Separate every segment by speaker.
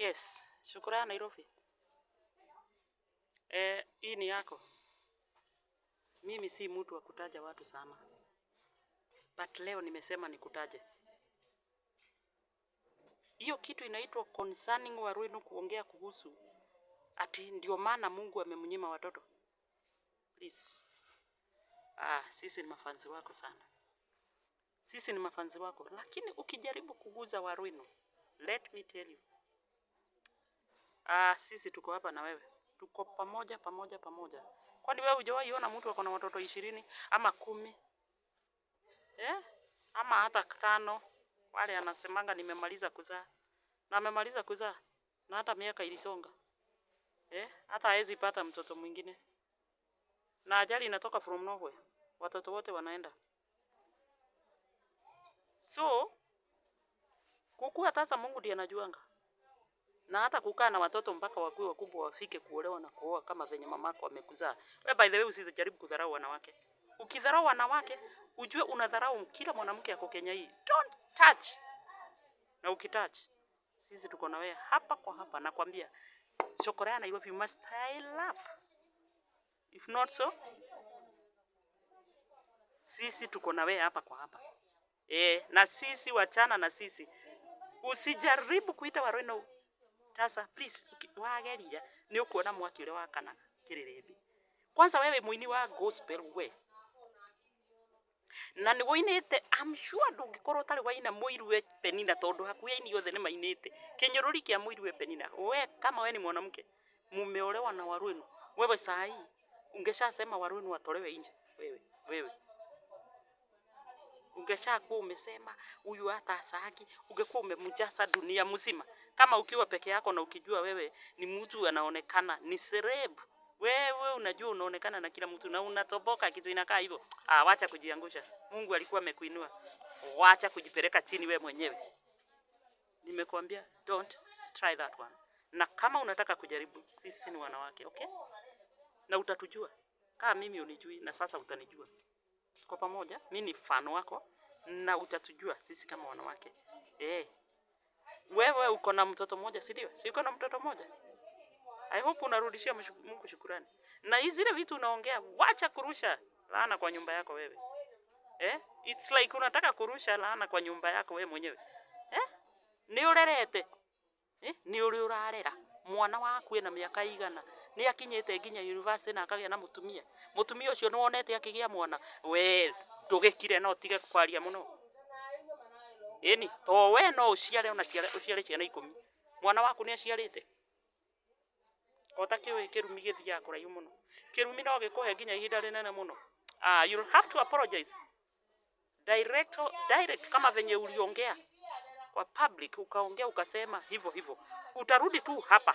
Speaker 1: Yes, shukrani Nairobi. Eh, hii ni yako. Mimi si mtu wa kutaja watu sana. But leo nimesema nikutaje. Hiyo kitu inaitwa concerning Waruinu kuongea kuhusu ati ndio maana Mungu amemnyima wa watoto. Please. Ah, sisi ni mafanzi wako sana. Sisi ni mafanzi wako, lakini ukijaribu kuguza Waruinu, let me tell you Ah, sisi tuko hapa na wewe, tuko pamoja pamoja pamoja. Kwani wewe hujawahi ona mtu ako na watoto ishirini ama kumi eh? ama hata tano? Wale anasemanga nimemaliza kuzaa na amemaliza kuzaa na hata miaka ilisonga eh? hata hawezi pata mtoto mwingine, na ajali inatoka from nowhere, watoto wote wanaenda so kukua. Sasa Mungu ndiye anajuanga na hata kukaa na watoto mpaka wakuwe wakubwa wafike kuolewa na kuoa kama venye mamako amekuzaa. Wewe by the way usijaribu kudharau wanawake. Ukidharau wanawake, ujue unadharau kila mwanamke yako Kenya hii. Don't touch. Na ukitouch, sisi tuko na wewe hapa kwa hapa nakwambia. Chokorea na have you must style up. If not so, sisi tuko na wewe hapa kwa hapa. Eh, na sisi wachana na sisi. Usijaribu kuita Wareno Tasa please wageria nĩ ũkuona mwaki ule wakana kĩrĩrĩmbĩ. Kwanza wewe mwini wa gospel we na nĩ woinĩte I'm sure ndũngĩkorwo ũtarĩ waina mũirue penina tondũ hakuhĩ aini othe nĩ mainĩte kĩnyũrũri kĩa mũirue penina we kama we ni mwanamke mumeolewa wana Waluenwa wewe ungesha sema Waluenwa watolewe nje wewe wewe Ungesha ungeshakuwa umesema huyu hata asaagi, ungekuwa umemjasa dunia mzima. Kama ukiwa peke yako na ukijua wewe ni mtu anaonekana ni celeb, wewe unajua unaonekana na kila mtu na unatoboka kitu inakaa hivyo, ah, wacha kujiangusha. Mungu alikuwa amekuinua, wacha kujipeleka chini we mwenyewe. Nimekuambia don't try that one, na kama unataka kujaribu, sisi ni wanawake okay, na utatujua kama mimi unijui, na sasa utanijua kwa pamoja. Mimi ni fan wako na utatujua sisi kama wanawake eh. Hey. Wewe uko na mtoto mmoja, si ndio? Si uko na mtoto mmoja? I hope unarudishia Mungu shukurani. Na zile vitu unaongea, wacha kurusha laana kwa nyumba yako wewe. Eh? It's like unataka kurusha laana kwa nyumba yako wewe mwenyewe. Eh? Ni urerete. Eh? Ni uri urarera. Mwana waku ena miaka igana. Ni akinyete nginya university na akagĩa na mutumia. Mutumia ucio nĩ wonete akigĩa mwana. We ndũgĩkire na tige kwaria mũno. Ĩni, to we no ũciare ona ũciare ciana ikumi Mwana waku nĩ aciarĩte? Ota kĩũĩ kĩrumi gĩthiaga kũraihu mũno. Kĩrumi no gĩkũhe nginya ihinda rĩnene muno Ah, uh, you have to apologize. Direct, direct kama venye uliongea kwa public ukaongea ukasema hivyo hivyo. Utarudi tu hapa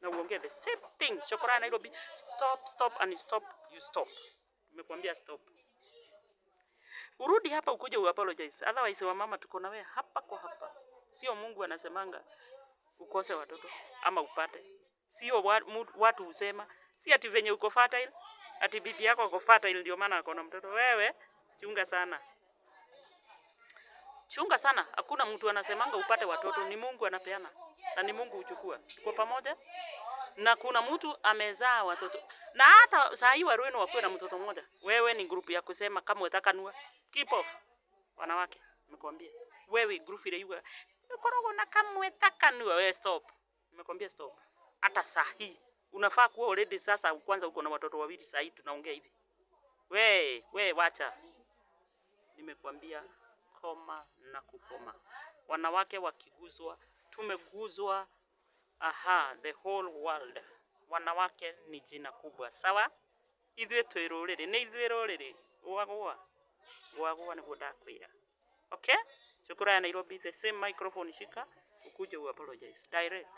Speaker 1: na uongee the same thing. shukrani Nairobi, stop stop and stop you stop. Nimekuambia stop. Urudi hapa ukuje u apologize. Otherwise wa mama tuko na wewe hapa kwa hapa. Sio Mungu anasemanga ukose watoto ama upate. Sio watu husema, si ati venye uko fertile, ati bibi yako uko fertile ndio maana akona mtoto. Wewe chunga sana. Chunga sana. Hakuna mtu anasemanga upate watoto, ni Mungu anapeana na ni Mungu uchukua. Tuko pamoja? na kuna mtu amezaa watoto, na hata saa hii Warueno wakiwa na mtoto mmoja, wewe ni grupu ya kusema kama unataka nua keep off, wanawake, nimekwambia wewe grupu ile yuko korogo na kama unataka nua wewe, stop, nimekwambia stop. Hata saa hii unafaa kuwa already sasa, kwanza uko na watoto wawili, saa hii tunaongea hivi, we we, wacha, nimekwambia koma na kukoma. Wanawake wakiguzwa, tumeguzwa aha the whole world wanawake ni jina kubwa sawa ithuĩ twĩ rũrĩrĩ nĩ ithuĩ rũrĩrĩ gwagwa gwagũa nĩguo ndakwĩra okay ya nairobi the same microphone shika ukuje apologize direct